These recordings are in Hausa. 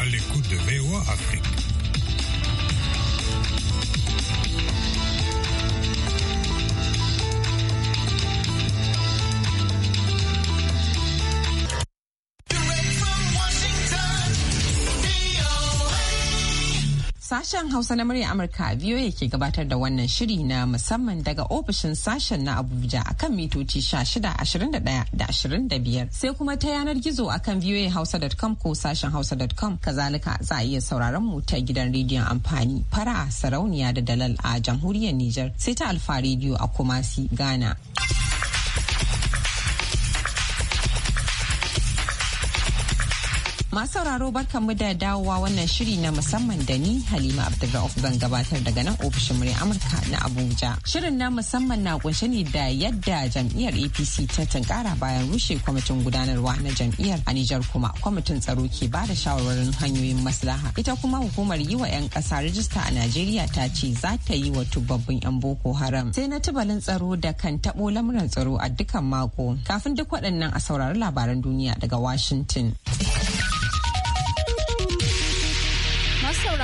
à l'écoute de VOA Afrique. Sashen Hausa na murya Amurka VOA ke gabatar da wannan shiri na musamman daga ofishin sashen na Abuja akan mitoci 16, da biyar sai kuma ta yanar gizo akan voahausa.com ko sashen hausa.com kazalika za a iya sauraron mu ta gidan rediyon amfani fara sarauniya da dalal a jamhuriyar Nijar sai ta Alfa rediyo a Kumasi Ghana. Masu sauraro mu da dawowa wannan shiri na musamman da ni Halima Abdulrauf zan gabatar daga nan ofishin murya Amurka na Abuja. Shirin na musamman na kunshe ne da yadda jam'iyyar APC ta tunkara bayan rushe kwamitin gudanarwa na jam'iyyar a Nijar kuma kwamitin tsaro ke ba da shawarwarin hanyoyin maslaha. Ita kuma hukumar yi wa 'yan ƙasa rajista a Najeriya ta ce za ta yi wa tubabbin 'yan Boko Haram. Sai na tubalin tsaro da kan taɓo lamuran tsaro a dukkan mako. Kafin duk waɗannan a saurari labaran duniya daga Washington.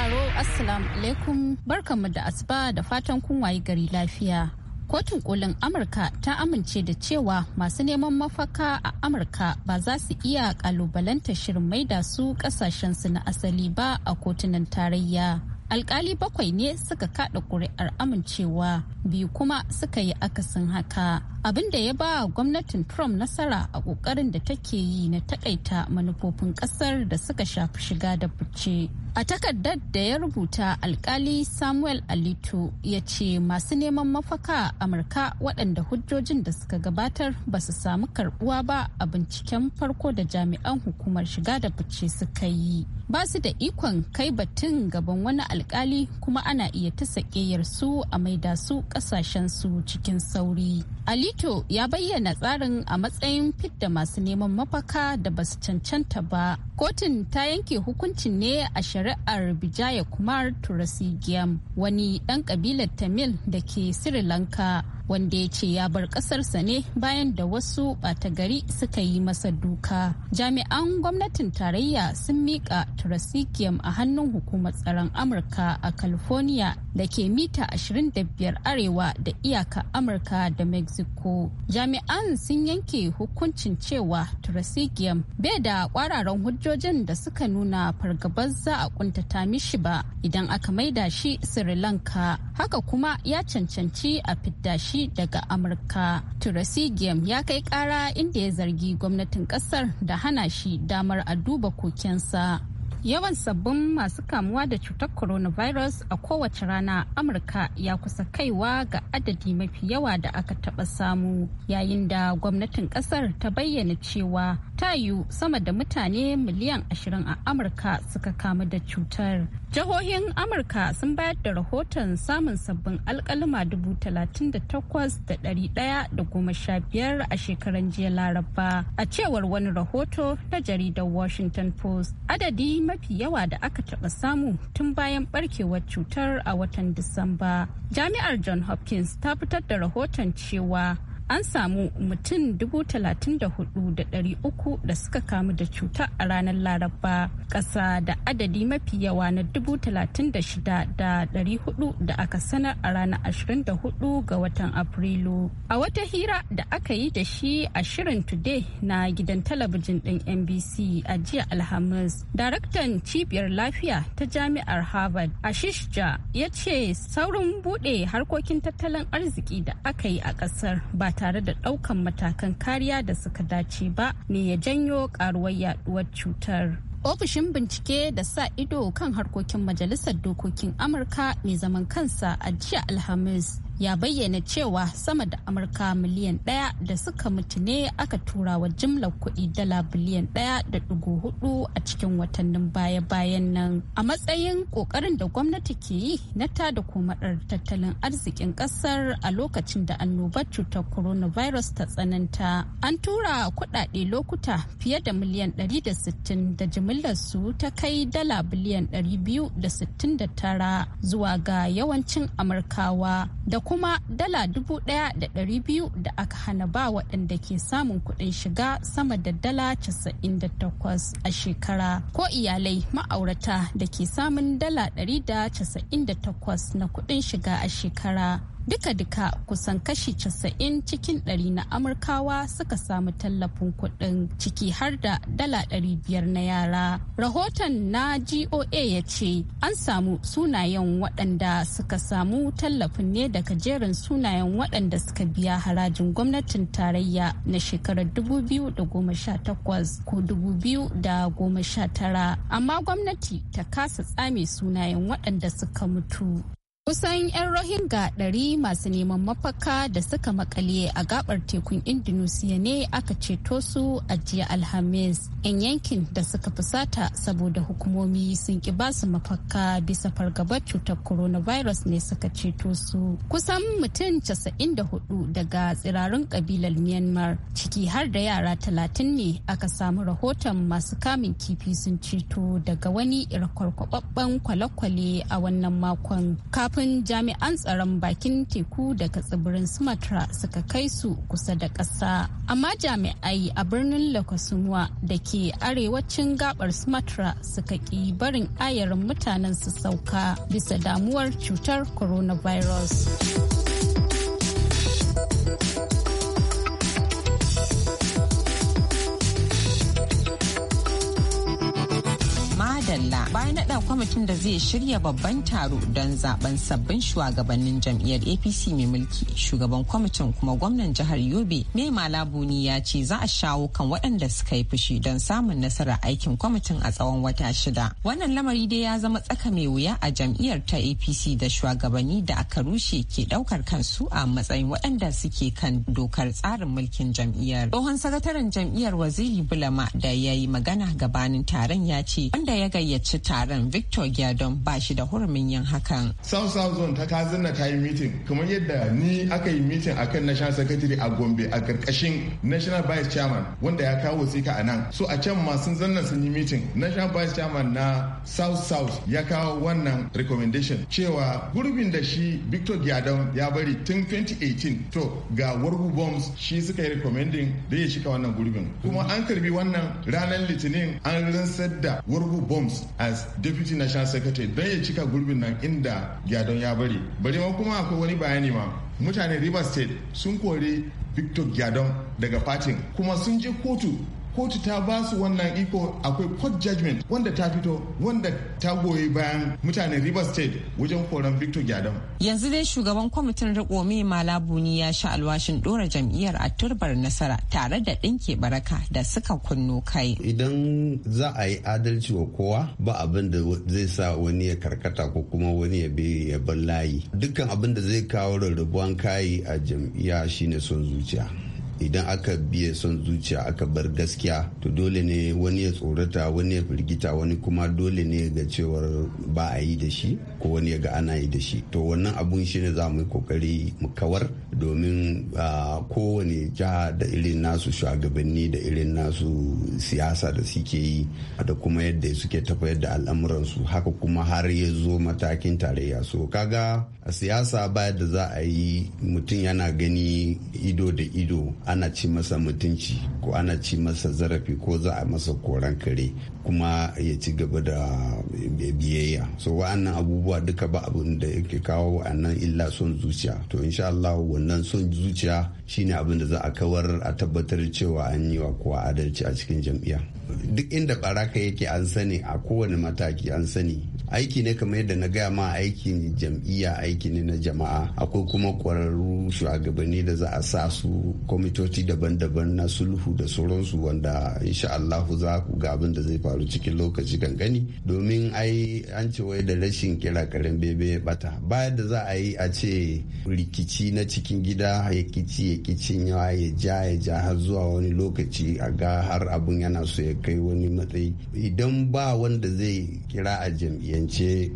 sauraro Assalamu alaikum barkanmu da asuba da fatan kun wayi gari lafiya. Kotun kolin Amurka ta amince da cewa masu neman mafaka a Amurka ba za su iya kalubalanta shirin maida su kasashensu na asali ba a kotunan tarayya. alkali bakwai ne suka kada kuri'ar amincewa biyu kuma suka yi akasin haka abin da ya ba gwamnatin trump nasara a kokarin da take yi na takaita manufofin kasar da suka shafi shiga da fice a takardar da ya rubuta alkali samuel alito ya ce masu neman mafaka amurka waɗanda hujjojin da suka gabatar ba su samu karbuwa ba a binciken farko da jami'an hukumar shiga da fice suka yi ba su da ikon kai batun gaban wani alkali alkali kuma ana iya ta su a maida su kasashen su cikin sauri. Alito ya bayyana tsarin a matsayin fidda masu neman mafaka da ba su cancanta ba. Kotun ta yanke hukuncin ne a shari'ar Bijaya Kumar turasi giyam wani ɗan ƙabilar Tamil da ke Sri Lanka wanda ya ce ya bar ƙasarsa ne bayan da wasu ɓata gari suka yi masa duka. Jami'an gwamnatin tarayya sun miƙa Turasikiyam a hannun hukumar tsaron Amurka a California da ke mita 25 arewa da iyaka Amurka da Mexico. Jami'an sun yanke hukuncin cewa Turasikiyam bai da kwararan hujjojin da suka nuna fargabar za a kuntata mishi ba idan aka maida shi Sri Lanka. Haka kuma ya cancanci a fidda shi shi daga Amurka. Turasi game ya kai kara inda ya zargi gwamnatin kasar da hana shi damar a duba kokensa. Yawan sabbin masu kamuwa da cutar coronavirus a kowace rana Amurka ya kusa kaiwa ga adadi mafi yawa da aka taɓa samu yayin da gwamnatin ƙasar ta bayyana cewa ta yiwu sama da mutane miliyan 20 a Amurka suka kamu da cutar. Jihohin Amurka sun bayar da rahoton samun sabbin alkalima 38,115 a shekaran jiya Laraba a cewar wani rahoto na jaridar Washington Post. Adadi mafi yawa da aka taɓa samu tun bayan barkewar cutar a watan Disamba. Jami'ar John Hopkins ta fitar da rahoton cewa an samu mutum 34,300 da suka kamu da cuta a ranar laraba ƙasa da adadi mafi yawa na 36,400 da aka sanar a ranar 24 ga watan afrilu a wata hira da aka yi da shi a shirin today na gidan talabijin ɗin nbc a jiya alhamis daraktan cibiyar lafiya ta jami'ar harvard ashishja ya ce saurin buɗe harkokin tattalin arziki da aka yi a ƙasar ba tare da ɗaukan matakan kariya da suka dace ba ne ya janyo karuwar yaduwar cutar. Ofishin bincike da sa ido kan harkokin Majalisar Dokokin Amurka mai zaman kansa a jiya Alhamis ya bayyana cewa sama da amurka miliyan ɗaya da suka mutu ne aka tura wa jimlar kuɗi dala biliyan ɗaya da dugu hudu a cikin watannin baya-bayan nan a matsayin ƙoƙarin da gwamnati ke yi na tada komadar tattalin arzikin ƙasar a lokacin da annobar cutar coronavirus ta tsananta an tura kuɗaɗe lokuta fiye da miliyan 160 da jimillar su ta kai dala biliyan 269 zuwa ga yawancin amurkawa da kuma dala dubu ɗaya da ɗari biyu da aka hana ba waɗanda ke samun kuɗin shiga sama da dala casa'in da takwas a shekara ko iyalai ma'aurata da ke samun dala ɗari da casa'in da takwas na kuɗin shiga a shekara duka-duka kusan kashi 90 cikin 100 na amurkawa suka samu tallafin kuɗin ciki har da dala biyar na yara rahoton na goa ya ce an samu sunayen waɗanda suka samu tallafin ne daga jerin sunayen waɗanda suka biya harajin gwamnatin tarayya na shekarar 2018 ko 2019 amma gwamnati ta kasa tsame sunayen waɗanda suka mutu Kusan 'yan Rohingya ɗari masu neman mafaka da suka makale a gabar tekun Indonesia ne aka ceto su a jiya Alhamis. 'Yan yankin da suka fusata saboda hukumomi sun ki ba su mafaka bisa fargabar cutar coronavirus ne suka ceto su. Kusan mutum 94 daga tsirarin ƙabilar Myanmar ciki har da yara 30 ne aka samu rahoton masu kamun kifi sun ceto daga wani kwale-kwale a wannan makon. kafin jami'an tsaron bakin teku daga tsibirin sumatra suka kai su kusa da ƙasa amma jami'ai a birnin lokasunwa da ke arewacin gabar sumatra suka ƙi barin ayarin mutanen su sauka bisa damuwar cutar coronavirus. Dalla bayan naɗa kwamitin da zai shirya babban taro don zaben sabbin shugabannin jam'iyyar APC mai mulki. Shugaban kwamitin kuma gwamnan jihar Yobe mai malabuni ya ce za a shawo kan waɗanda suka yi fushi don samun nasarar aikin kwamitin a tsawon wata shida. Wannan lamari dai ya zama tsaka mai wuya a jam'iyyar ta APC da shugabanni da aka rushe ke ɗaukar kansu a matsayin waɗanda suke kan dokar tsarin mulkin jam'iyyar. Tsohon sakataren jam'iyyar Waziri Bulama da ya yi magana gabanin taron ya ce wanda ya gayyaci taron Victor Gyadon ba shi da hurumin yin hakan. South South Zone ta kazina ta yi mitin kamar yadda ni aka yi mitin akan National Secretary a Gombe a karkashin National Vice Chairman wanda ya kawo sika a nan. So a can masu sun zanna sun yi mitin. National Vice Chairman na South South ya kawo wannan recommendation cewa gurbin da shi Victor Gyadon ya bari tun 2018 to ga Wargu Bombs shi suka yi recommending da ya shika wannan gurbin. Kuma an karbi wannan ranar Litinin an rinsar da Wargu Bombs Holmes as deputy national secretary don ya cika gurbin nan inda gyadon ya bari bari ma kuma akwai wani bayani ma mutane river state sun kori victor gyadon daga fatin kuma sun je kotu kotu ta ba su wannan iko akwai court judgment wanda ta fito wanda ta goyi bayan mutanen Rivers State wajen koran Victor Gyadam. Yanzu dai shugaban kwamitin riko mai malabuni ya sha alwashin dora jam'iyyar a turbar nasara tare da ɗinke baraka da suka kunno kai. Idan za a yi adalci wa kowa ba abin da zai sa wani ya karkata ko kuma wani ya bi ya bar layi. Dukkan abin da zai kawo rarrabuwan kayi a jam'iyya shine son zuciya. idan aka biye son zuciya aka bar gaskiya to dole ne wani ya tsorata wani ya firgita wani kuma dole ne ga cewar ba a yi da shi ko wani ya ga ana yi da shi to wannan abun shi ne za mu yi kokari mu kawar domin ah, kowane jiha da irin nasu shugabanni da irin nasu siyasa da suke yi da kuma yadda suke tafayar da al'amuransu haka kuma har ya zo matakin tarayya so kaga a siyasa ba da za a yi mutum yana gani ido da ido ana ci masa mutunci ko ana ci masa zarafi ko za a masa koran kare kuma ya ci gaba da biyayya so wa'annan abubuwa duka ba abin da yake kawo wa'annan illa son zuciya to insha Allah wannan son zuciya shine abin da za a kawar a tabbatar cewa an yi wa kowa adalci a cikin jam'iyya duk inda baraka yake an sani a kowane mataki an sani aiki ne kamar yadda na gaya ma aikin jam'iyya aiki ne na jama'a akwai kuma kwararru shugabanni da za a sa su kwamitoci daban-daban na sulhu da sauransu wanda insha Allahu za ku ga abin da zai faru cikin lokaci gangani domin ai an ce wai da rashin kira karen bebe ya bata bayan da za a yi a ce rikici na cikin gida ya kici ya kicin yawa ya ja ya ja har zuwa wani lokaci a ga har abun yana so ya kai wani matsayi idan ba wanda zai kira a jam'iyya yance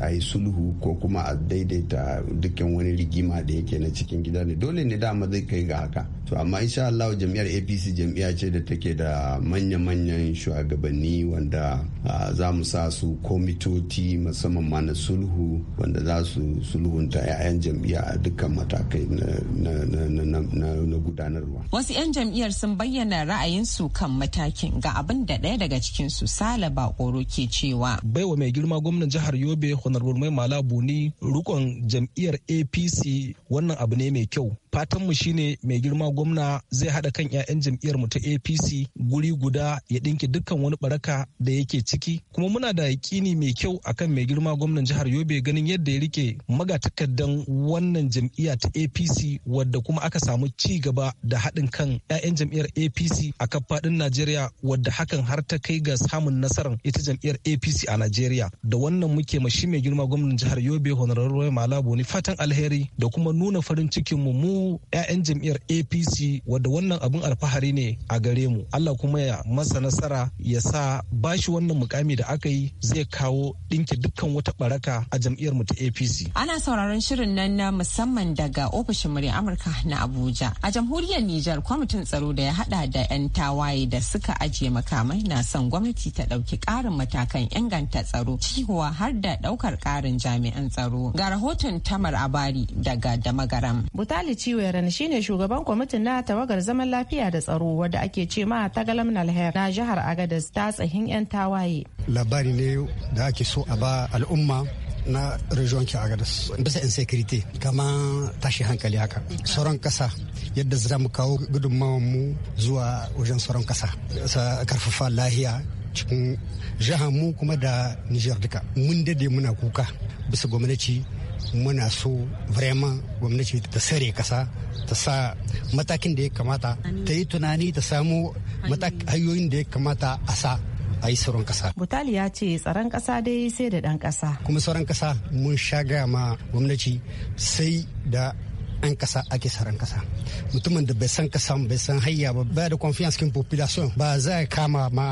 a yi sulhu ko kuma a daidaita dukkan wani rigima da yake na cikin gida ne dole ne dama zai kai ga haka to amma insha Allah jami'ar APC jamia ce da take da manya-manyan shugabanni wanda za mu sa su komitoti musamman ma na sulhu wanda za su sulhunta 'ya'yan jam'iyya a dukkan matakai na gudanarwa wasu 'yan jam'iyyar sun bayyana ra'ayinsu kan matakin ga abin da ɗaya daga cikinsu sala bakoro ke cewa baiwa mai girma ma gwamnan jihar yobe honorable mai mala buni rukon jam'iyyar apc wannan abu ne mai kyau fatanmu shine mai girma gwamna zai hada kan 'ya'yan jam'iyyar mu ta apc guri guda ya ɗinke dukkan wani baraka da yake ciki kuma muna da yaƙini mai kyau akan mai girma gwamnan jihar yobe ganin yadda ya rike magatakardan wannan jam'iyya ta apc wadda kuma aka samu ci gaba da haɗin kan 'ya'yan jam'iyyar apc a kan najeriya wadda hakan har ta kai ga samun nasarar ita jam'iyyar apc a najeriya da wannan muke mashi mai girma gwamnan jihar yobe honorable malabo ni fatan alheri da kuma nuna farin cikinmu mu mu 'ya'yan jam'iyyar apc wadda wannan abin alfahari ne a gare mu allah kuma ya masa nasara ya sa bashi wannan mukami da aka yi zai kawo ɗinki dukkan wata baraka a jam'iyyar mu ta apc ana sauraron shirin nan na musamman daga ofishin murya amurka na abuja a jamhuriyar nijar kwamitin tsaro da ya haɗa da 'yan tawaye da suka ajiye makamai na son gwamnati ta ɗauki ƙarin matakan inganta tsaro cihuwa har da ɗaukar ƙarin jami'an tsaro ga rahoton tamar abari daga damagaram butali Chiweren shine shugaban kwamitin na tawagar zaman lafiya da tsaro wadda ake ce ma tagalam nalher na jihar Agadez ta tsahin 'yan tawaye. Labari ne da ake so a ba al'umma na region ke Agadez. bisa insecurity kama tashi hankali haka sauran kasa yadda za mu kawo gudunmawar mu zuwa wajen sauran kasa sa karfafa lahiya cikin jihar mu kuma da nijar duka mun dade muna kuka bisa gwamnati muna so vraiment gwamnati ta sare kasa ta sa matakin da ya kamata ta yi tunani ta samu hanyoyin da ya kamata a sa a yi sauran kasa. Butali ya ce tsaron kasa dai sai da ɗan kasa. Kuma tsaron kasa mun sha gaya ma gwamnati sai da an kasa ake tsaron kasa mutumin da bai san kasa bai san hayya ba ba da confiance kin population ba za ya kama ma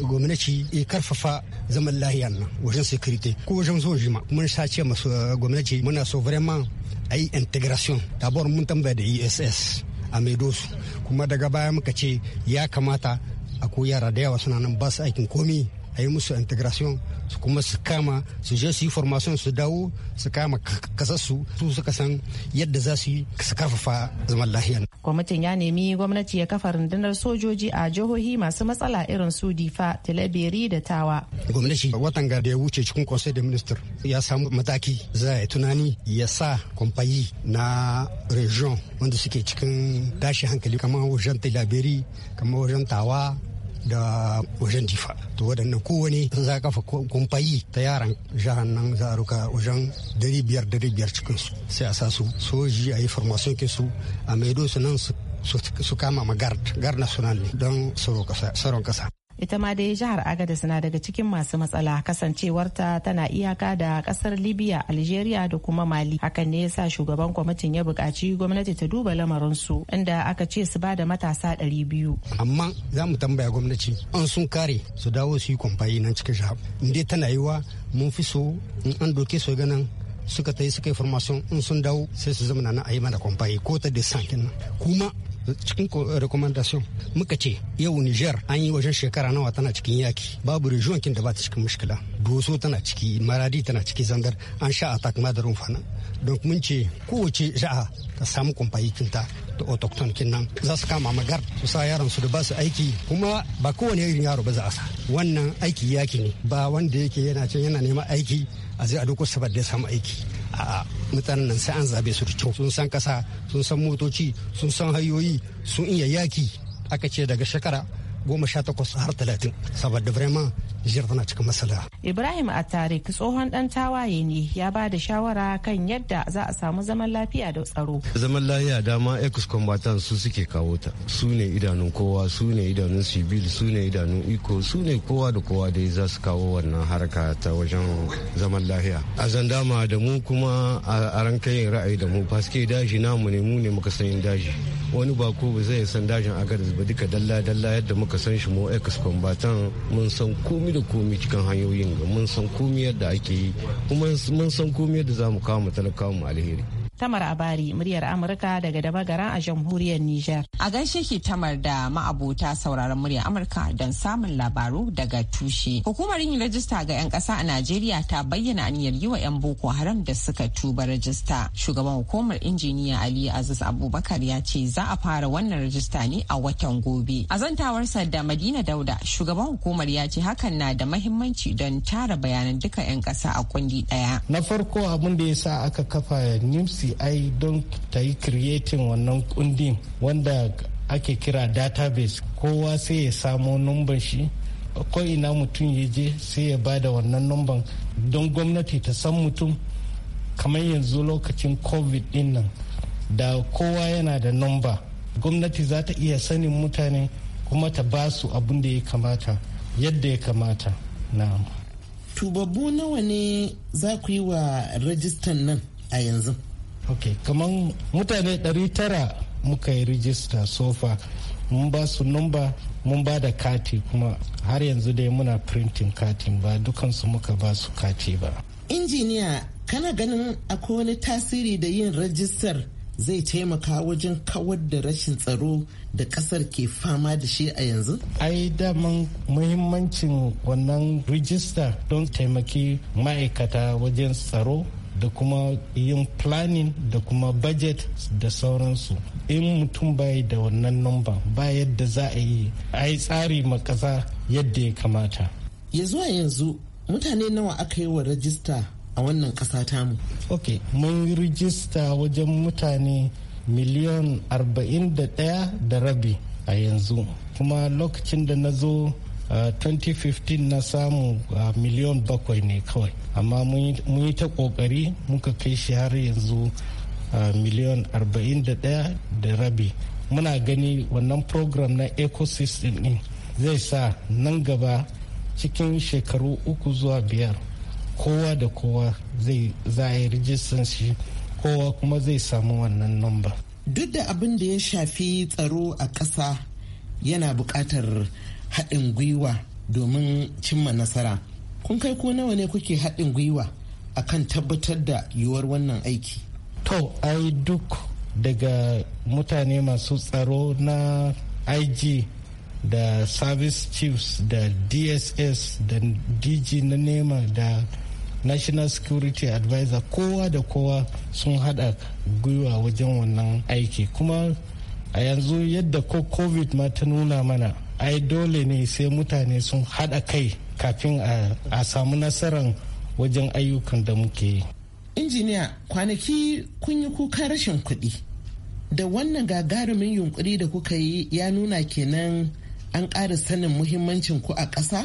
gwamnati ya karfafa zaman lahiya nan wajen security ko wajen zuwan jima mun sace masu eh, gwamnati muna so vraiment a yi integration dabar mun tambaya da ess a maidosu kuma daga baya muka ce ya kamata a ko yara da yawa suna nan ba su aikin komi a yi musu integration su kuma su kama su je su yi formation su dawo su kama kasassu su suka san yadda za su yi su karfafa zaman lahiya. kwamitin ya nemi gwamnati ya kafa rundunar sojoji a jihohi masu matsala irin su difa talabiri da tawa. gwamnati watan ga da ya wuce cikin conseil de minister ya samu mataki za yi tunani ya sa kwamfayi na region wanda suke cikin tashi hankali kamar wajen talabiri kamar wajen tawa da wajen difa to waɗannan kowane za kafa kumfayi ta yaran jihar nan za a ruka wajen dari biyar dari biyar cikin su sai a sa su soji a yi farmasin ke su a maido su nan su kama ma gard gard national ne don tsaron kasa ita ma dai jihar agadez na daga cikin masu matsala kasancewarta tana iyaka da kasar libya algeria da kuma mali hakan ne yasa shugaban kwamitin ya bukaci gwamnati ta duba lamarinsu inda aka ce su ba da matasa ɗari biyu amma za mu tambaya gwamnati an sun kare su dawo su yi kwamfayi nan cikin jihar inda tana yi wa mun fi so in an doke su ganin suka ta yi suka yi in sun dawo sai su zama na a yi mana kwamfayi ko ta desan kenan kuma cikin recommendation muka ce yau Niger an yi wajen shekara nawa tana cikin yaki babu region kin da ba ta cikin mushkila doso tana ciki maradi tana ciki zandar an sha attack madarun fana don mun ce kowace ja'a ta samu kumfayi kinta da autochton kinnan za su kama magar su sa yaran su da ba su aiki kuma ba kowane irin yaro ba za a sa wannan aiki yaki ne ba wanda yake yana can yana neman aiki a zai a duk saboda ya samu aiki a'a mutanen nan sai an zabe su da kyau sun san kasa sun san motoci sun san hayoyi sun iya yaki aka ce daga shekara goma sha takwas har talatin saboda vraiment jiyar tana cikin masala. Ibrahim Attarik tsohon dan tawaye ne ya ba da shawara kan yadda za a samu zaman lafiya da tsaro. Zaman lafiya dama ex combatant su suke kawo ta. Su ne idanun kowa, su ne idanun sibil, su ne idanun iko, su ne kowa da kowa dai za su kawo wannan harka ta wajen zaman lafiya. A zandama da mu kuma a rankayin ra'ayi da mu faske daji namu ne mu ne muka yin daji. wani bako ba zai san dajin agaris ba duka dalla-dalla yadda muka san shi mu ex combatant mun san komi da komi cikin hanyoyin ga mun san komi yadda ake yi kuma mun san komi yadda za mu kama mu talakawa mu alheri Tamar Abari muryar Amurka daga Dabagara a jamhuriyar Nijar. A gaishe ki Tamar da ma'abota sauraron muryar Amurka don samun labaru daga tushe. Hukumar yin rajista ga 'yan ƙasa a Najeriya ta bayyana aniyar yi wa 'yan Boko Haram da suka tuba rajista. Shugaban hukumar injiniya Ali Aziz Abubakar ya ce za a fara wannan rajista ne a watan gobe. A zantawarsa da Madina Dauda shugaban hukumar ya ce hakan na da mahimmanci don tara bayanan duka 'yan ƙasa a kundi ɗaya. Na farko abin da ya sa aka kafa NIMSI ai don ta yi creating wannan kundin wanda ake kira database kowa sai ya samo numban shi ko ina mutum ya je sai ya ba da wannan numban don gwamnati ta san mutum kamar yanzu lokacin covid din nan da kowa yana da numba gwamnati za ta iya sanin mutane kuma ta ba su abin da ya kamata yadda ya kamata na tubabbu nawa ne za ku yi wa rajistan nan a yanzu ok kamar mutane 900 muka yi rijista sofa mun ba su numba mun ba da kati kuma har yanzu dai muna printin katin ba dukansu muka ba su kati ba injiniya kana ganin akwai wani tasiri da yin rajistar zai taimaka wajen kawar da rashin tsaro da kasar ke fama da shi a yanzu? ai daman muhimmancin wannan rijista don taimaki ma'aikata wajen tsaro da kuma yin planning da kuma budget da sauransu in mutum bai da wannan number ba yadda za a yi a yi tsari ma yadda ya kamata ya zuwa yanzu mutane nawa aka yi wa rajista a wannan ƙasa tamu ok mun rajista wajen mutane miliyan 41 da rabi a yanzu kuma lokacin da na zo 2015 ah, na samu ah, miliyon bakwai ne kawai amma mun yi ta kokari muka kai shi har yanzu ah, miliyon 41 da rabi muna gani wannan program na ecosystem ɗin zai sa nan gaba cikin shekaru uku zuwa biyar kowa da kowa zai zai rijistan shi kowa kuma zai samu wannan namba duk da abin da ya shafi tsaro a ƙasa yana buƙatar haɗin gwiwa domin cimma nasara kun kai ko nawa ne kuke haɗin gwiwa akan tabbatar da yiwuwar wannan aiki to ai duk daga mutane masu tsaro na ig da service chiefs da dss da dg na nema da national security advisor kowa da kowa sun hada gwiwa wajen wannan aiki kuma a yanzu yadda ko covid ma ta nuna mana ai dole ne sai mutane sun haɗa kai kafin a samu nasarar wajen ayyukan da muke yi. injiniya kwanaki kun yi kuka rashin kuɗi da wannan gagarumin yunkuri da kuka yi ya nuna kenan an ƙara sanin muhimmancin ku a ƙasa?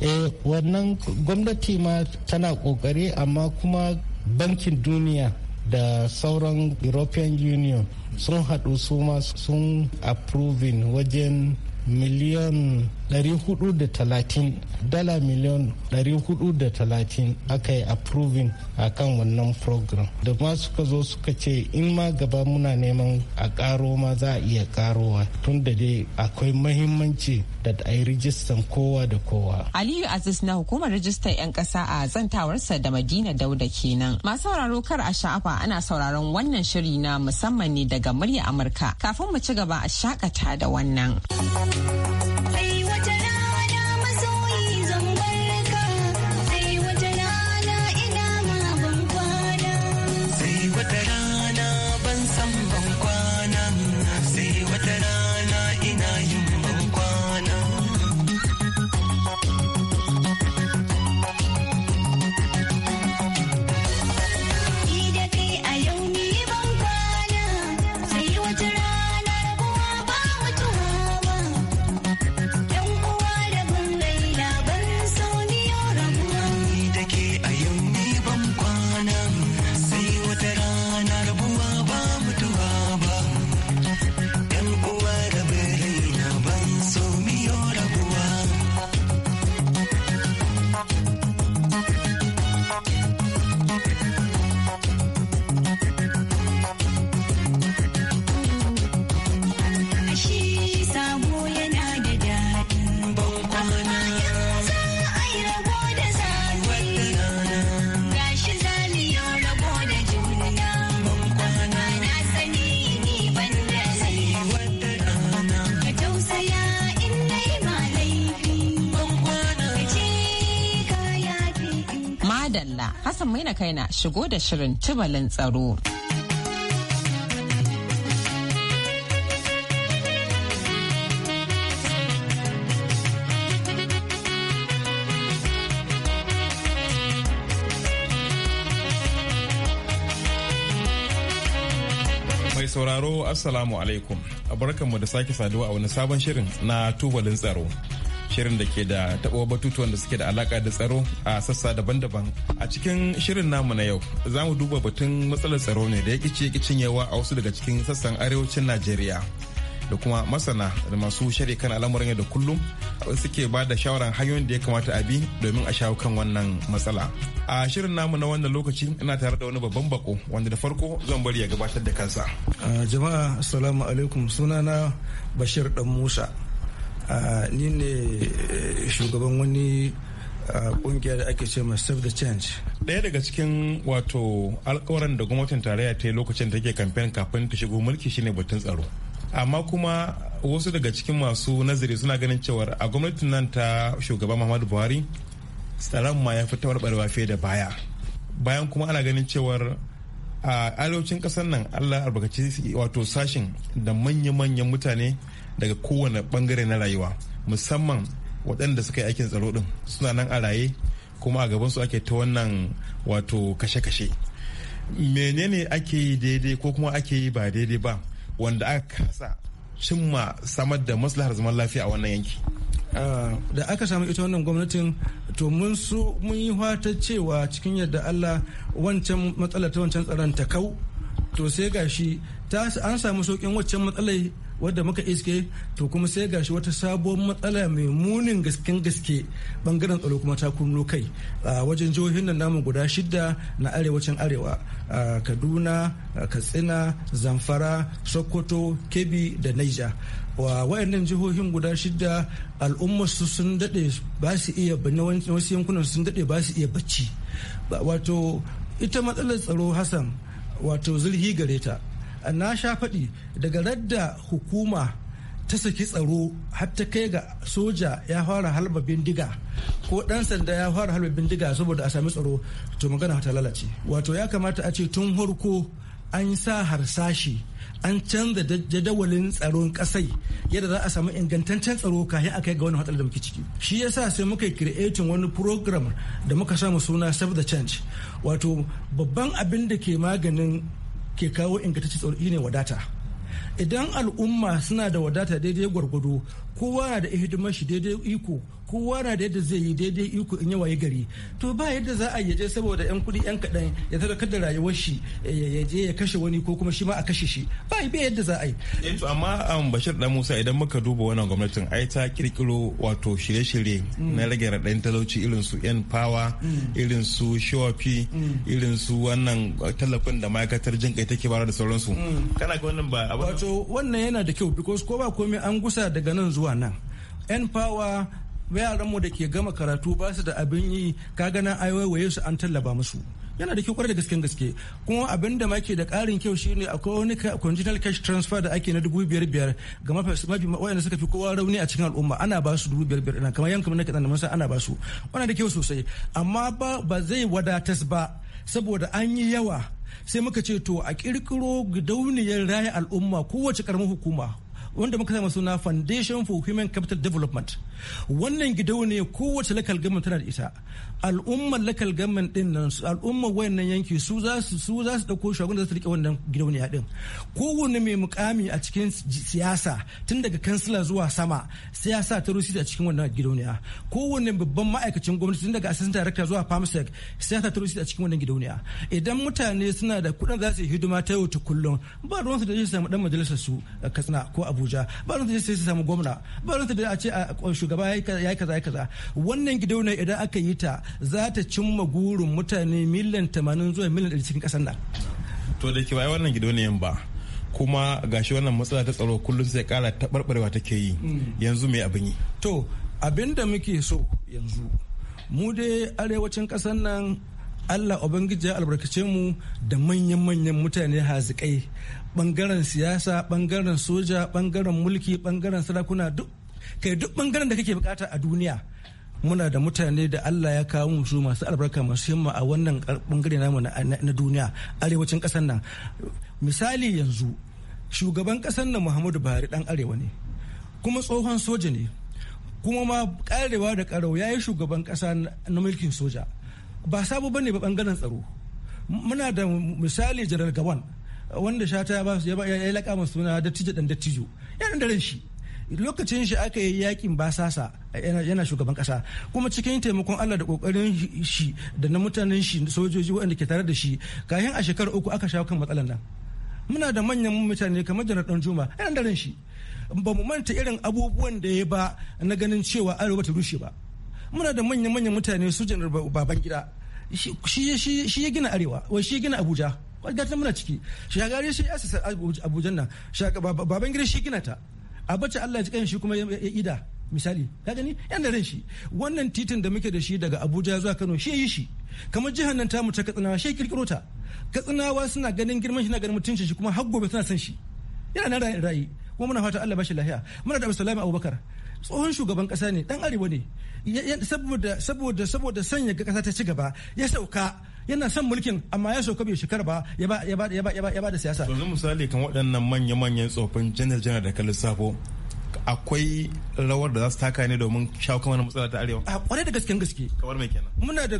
eh wannan gwamnati ma tana ƙoƙari amma kuma bankin duniya da sauran european union sun haɗu su ma sun approving wajen miliyan 430 dala miliyan 430 aka yi approving a kan wannan program da ma suka zo suka ce in ma gaba muna neman a karo ma za a iya karowa tun da dai akwai mahimmanci da a yi rijistan kowa da kowa aliyu aziz na hukumar rijistar 'yan kasa a zantawarsa da madina dauda kenan masu sauraro kar a sha'afa ana sauraron wannan shiri na musamman ne daga murya amurka kafin mu ci gaba a shakata da wannan. adalla Hassan Maina Kaina shigo da shirin tubalin tsaro. sauraro assalamu alaikum barkanmu da sake saduwa a wani sabon shirin na tubalin tsaro shirin da ke da taɓo batutuwan da suke da alaƙa da tsaro a sassa daban-daban. A cikin shirin namu na yau za mu duba batun matsalar tsaro ne da ya ƙici ƙicin yawa a wasu daga cikin sassan arewacin Najeriya. da kuma masana da masu shari kan al'amuran yau da kullum suke ba da shawaran hanyoyin da ya kamata a bi domin a shawo kan wannan matsala. A shirin namu na wannan lokaci ina tare da wani babban bako wanda da farko zan bari ya gabatar da kansa. Jama'a assalamu alaikum sunana Bashir Dan Musa. ni ne eh, shugaban wani kungiyar da ake ce save the change Daya daga cikin wato alkawarin da gwamnatin tarayya ta yi lokacin take kamfen kafin ta shigo mulki shine batun tsaro amma kuma wasu daga cikin masu nazari suna ganin cewar a gwamnatin nan ta shugaba muhammadu buhari tsaron ma ya fi tabarbarewa fiye da baya bayan kuma ana ganin cewar a arewacin kasar nan allah albarkaci wato sashin da manya-manyan mutane daga kowane bangare na rayuwa musamman waɗanda suka yi aikin tsaro ɗin suna nan a raye kuma a gaban su ake ta wannan wato kashe-kashe menene ake yi daidai ko kuma ake yi ba daidai ba wanda aka kasa cimma samar da maslahar zaman lafiya a wannan yanki ah, da aka samu ita wannan gwamnatin to mun su mun yi fata cewa cikin yadda allah wancan matsalar ta wancan tsaron ta kau to sai gashi an samu saukin waccan matsalai wadda muka iske to kuma sai gashi wata sabuwar matsala mai munin gasken gaske bangaren tsaro kuma ta kunno kai a wajen jihohin nan namu guda shida na arewacin arewa kaduna katsina zamfara sokoto kebbi da naija wa wayannan jihohin guda shida al'ummarsu sun dade ba su iya wasu yankunan sun dade ba su iya bacci wato ita matsalar tsaro hassan wato zurhi gare ta na sha faɗi daga radda hukuma ta saki tsaro har ta kai ga soja ya fara halba bindiga ko ɗan sanda ya fara halba bindiga saboda a sami tsaro to magana ta lalace wato ya kamata a ce tun harko an sa harsashi an canza jadawalin tsaron kasai yadda za a samu ingantaccen tsaro kafin a kai ga wani hatsarin da muke ciki shi yasa sai muka yi creating wani program da muka samu suna save the change wato babban abin da ke maganin ke kawo ingantaccen tsaro ne wadata idan al'umma suna da wadata daidai gwargwado kowa na da hidimar shi daidai iko kowa na da yadda zai yi daidai iko in yawa gari to ba yadda za a yaje saboda yan kudi yan kadan ya tada kada rayuwar shi eh, ya je ya kashe wani ko kuma shi ma a kashe shi ba bai yadda za a yi eh, to amma um, Bashir Dan Musa idan muka duba wannan gwamnatin ai ta kirkiro wato shirye-shirye mm. na rage raɗayin talauci irin su yan power. Mm. irin su shopi mm. irin su wannan uh, tallafin da ma'aikatar jin take bayar da sauransu kana ga wannan ba wato wannan yana da kyau because ko ba komai an gusa daga nan zuwa nan yan power. mu da ke gama karatu ba su da abin yi kaga na aiwaye su an tallaba musu yana da kyau kwarai da gasken gaske kuma abin da make da karin kyau shine akwai wani conditional cash transfer da ake na dubu biyar biyar ga mafi wayanda suka fi kowa rauni a cikin al'umma ana ba su dubu biyar biyar ina kamar yankin na kaɗan da ana ba su wani da kyau sosai amma ba zai wadatas ba saboda an yi yawa sai muka ce to a kirkiro gidauniyar raya al'umma kowace karamin hukuma wanda muka sama suna foundation for human capital development wannan gidau ne kowace lakal gaman tana da ita al'ummar lakal gaman din nan al'ummar wayannan yanki su za su su za su dauko shagun da su rike wannan gidauniya din kowanne mai mukami a cikin siyasa tun daga kansila zuwa sama siyasa ta rusi a cikin wannan gidau ne kowanne babban ma'aikacin gwamnati tun daga assistant director zuwa pamsec siyasa ta rusi a cikin wannan gidau ne idan mutane suna da kuɗin za su yi hidima ta yau ta kullum ba su da zai samu dan majalisar su katsina ko abuja abuja ba ruwanta sai su samu gwamna ba ruwanta da a ce shugaba ya yi kaza ya kaza wannan gidauna idan aka yi ta za ta cimma gurin mutane miliyan tamanin zuwa miliyan ɗari cikin ƙasar nan. to da ke baya wannan gidauniyan ba kuma gashi wannan matsala ta tsaro kullum sai kara taɓarɓarewa take yi hmm. yanzu mai abin yi. to abin da muke so yanzu mu dai arewacin ƙasar nan allah ubangiji ya albarkace mu da manyan-manyan mutane hazikai bangaren siyasa bangaren soja bangaren mulki bangaren sarakuna duk kai duk bangaren da kake bukata a duniya muna da mutane da Allah ya kawo mu su masu albarka masu himma a wannan bangare namu na duniya arewacin kasar nan misali yanzu shugaban kasar nan Muhammadu Buhari dan arewa ne kuma tsohon soja ne kuma ma karewa da karau yayi shugaban kasa na mulkin soja ba sabo bane ba bangaren tsaro muna da misali janar gawan wanda shata ya ba ya laƙa masu suna dattijo dan dattijo yana da ran shi lokacin shi aka yi yakin basasa yana shugaban kasa kuma cikin taimakon Allah da kokarin shi da na mutanen shi sojoji waɗanda ke tare da shi kayan a shekarar uku aka shawo kan matsalar nan muna da manyan mutane kamar janar dan juma yana da ran shi ba mu manta irin abubuwan da ya ba na ganin cewa arewa ta rushe ba muna da manyan manyan mutane su janar baban gida shi ya gina arewa wai shi ya gina abuja gata muna ciki gari shi ya asasa abuja nan baban gida shi gina ta abacha allah ya shi kuma ya ida misali ka gani yan da shi wannan titin da muke da shi daga abuja zuwa kano shi yi shi kamar jihar nan tamu ta katsinawa shi kirkiro ta katsinawa suna ganin girman shi na ganin mutuncin shi kuma har gobe suna son shi yana nan rayu kuma muna fata allah bashi lahiya muna da salami abubakar tsohon shugaban kasa ne dan arewa ne saboda saboda saboda sanya kasa ta ci gaba ya sauka yana son mulkin amma ya sauka bai shekara ba ya ba ya ba ya ba da siyasa yanzu misali kan waɗannan manya manyan tsofin janar janar da kallon safo akwai rawar da za su taka ne domin shawo kan matsala ta arewa a kwarai da gaske gaske kawar mai kenan muna da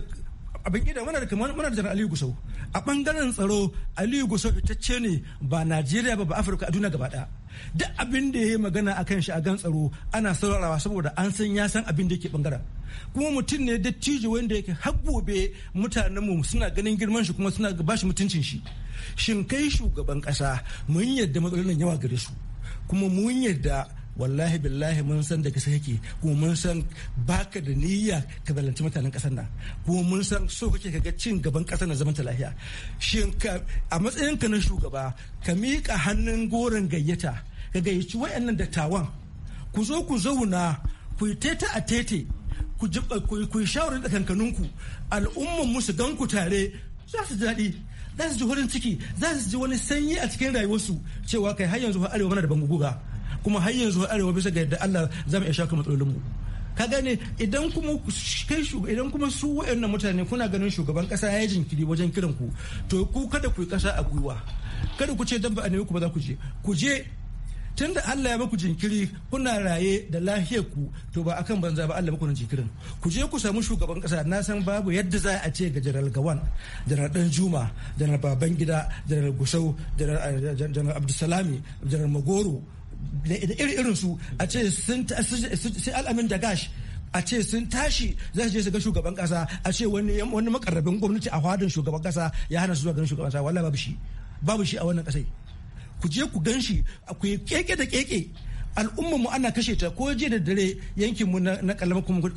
abin ida muna da kamar muna da Aliyu Gusau a bangaren tsaro Aliyu Gusau fitacce ne ba Najeriya ba ba Afirka a duniya gaba duk abin da ya yi magana a kan shi a gan tsaro ana saurarawa saboda an san ya san abin da yake bangaren kuma mutum ne dattijo wanda yake har mutanen mu suna ganin girman shi kuma suna bashi mutuncin shi shin kai shugaban kasa mun yadda matsalolin yawa gare su kuma mun yadda wallahi billahi mun san da kasa kake kuma mun san baka da niyya ka zalunci mutanen kasar nan kuma mun san so kake ka ga cin gaban kasar na zaman ta lafiya shin a matsayin ka na shugaba ka miƙa hannun goron gayyata ka gayyaci wayannan dattawan ku zo ku zauna ku yi tete a tete ku yi shawarar da ku al'umman musu dan ku tare za su daɗi za su ji horin ciki za su ji wani sanyi a cikin rayuwarsu cewa kai har yanzu arewa mana da guga kuma har yanzu arewa bisa ga yadda Allah za mu iya shaka mu ka gane idan kuma kai idan kuma su wayannan mutane kuna ganin shugaban kasa ya jinkiri wajen kiran ku to ku kada ku yi kasa a gwiwa kada ku ce dan ba a ku ba za ku je ku je tun da Allah ya maku jinkiri kuna raye da lahiyar ku to ba akan banza ba Allah baku na jinkirin ku je ku samu shugaban kasa na san babu yadda za a ce ga General Gawan General Danjuma General Babangida General Gusau General Abdulsalami General Magoro da irin su a ce sun al'amin da gash a ce sun tashi za su je su ga shugaban kasa a ce wani wani makarrabin gwamnati a hadin shugaban kasa ya hana su zuwa ganin shugaban kasa wallahi babu shi babu shi a wannan kasai ku je ku gan shi ku keke da keke al'ummar mu ana kashe ta ko jiya da dare yankin mu na karamar hukumar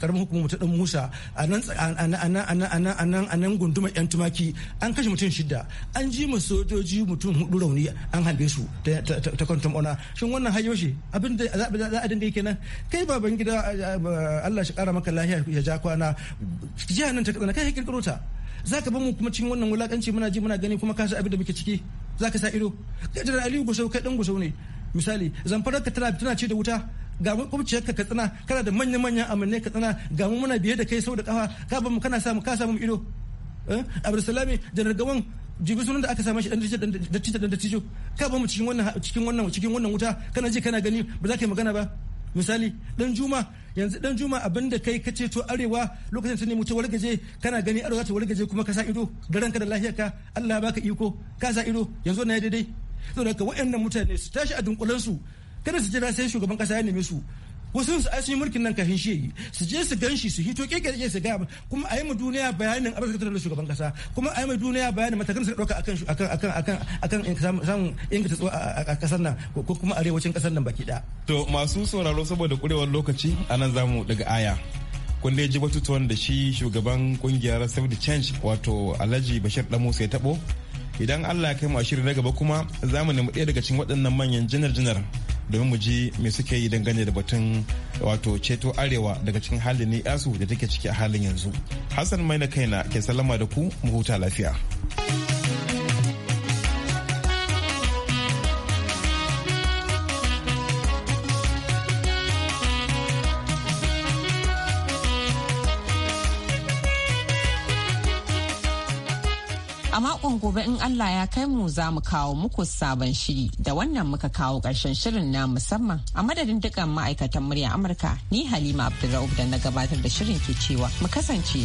ta dan Musa a nan a nan gunduma yan tumaki an kashe mutum shida an ji mu sojoji mutum hudu rauni an halbe su ta kwantum ona shin wannan hayo shi abin da za a dinga yi kenan kai baban gida Allah shi kara maka lafiya ya ja kwana jiya nan ta kana kai kirkiro ta za ka mu kuma cikin wannan wulakanci muna ji muna gani kuma ka abin da muke ciki za ka sa ido kai da aliyu gusau kai dan gusau ne misali zamfarar ka tana tana ce da wuta ga makwabciyar ka katsina kana da manya manyan amanne katsina ga mu muna biye da kai sau da kafa ka ba mu kana samu ka samu ido eh, salami janar gawan jibi sunan da aka same shi dan tita dan dattijo ka ba mu cikin wannan cikin wannan cikin wannan wuta kana ji kana gani ba za ka yi magana ba misali dan juma yanzu dan juma abinda kai ka ce to arewa lokacin ta nemi ta wargaje kana gani arewa ta wargaje kuma ka sa ido garanka da lafiyarka Allah ya baka iko ka sa ido yanzu na daidai saboda haka waɗannan mutane su tashi a dunkulensu kada su jira sai shugaban kasa ya nemi su wasu su ai sun yi mulkin nan kafin shi su je su ganshi su hito keke su ga kuma a yi mu duniya bayanin abin da shugaban kasa kuma a yi mu duniya bayanin matakan su dauka akan akan akan akan akan samun inganta tsawo a kasar nan ko kuma arewacin kasar nan baki da to masu sauraro saboda kurewar lokaci anan zamu daga aya kun ji batutuwan da shi shugaban kungiyar save the change wato alhaji bashir dan musa ya tabo idan allah ya kai mu ashirin na gaba kuma za mu nemi ɗaya daga cikin waɗannan manyan janar-janar domin mu ji me suke yi dangane da batun wato ceto arewa daga cikin halin ni'asu yasu da take ciki a halin yanzu hassan maina kaina ke salama da ku mu huta lafiya. gobe in Allah ya kai mu za mu kawo muku sabon shiri da wannan muka kawo ƙarshen shirin na musamman a madadin dukkan ma'aikatan murya Amurka ni Halima Abdulrauf da na gabatar da shirin ke cewa mu kasance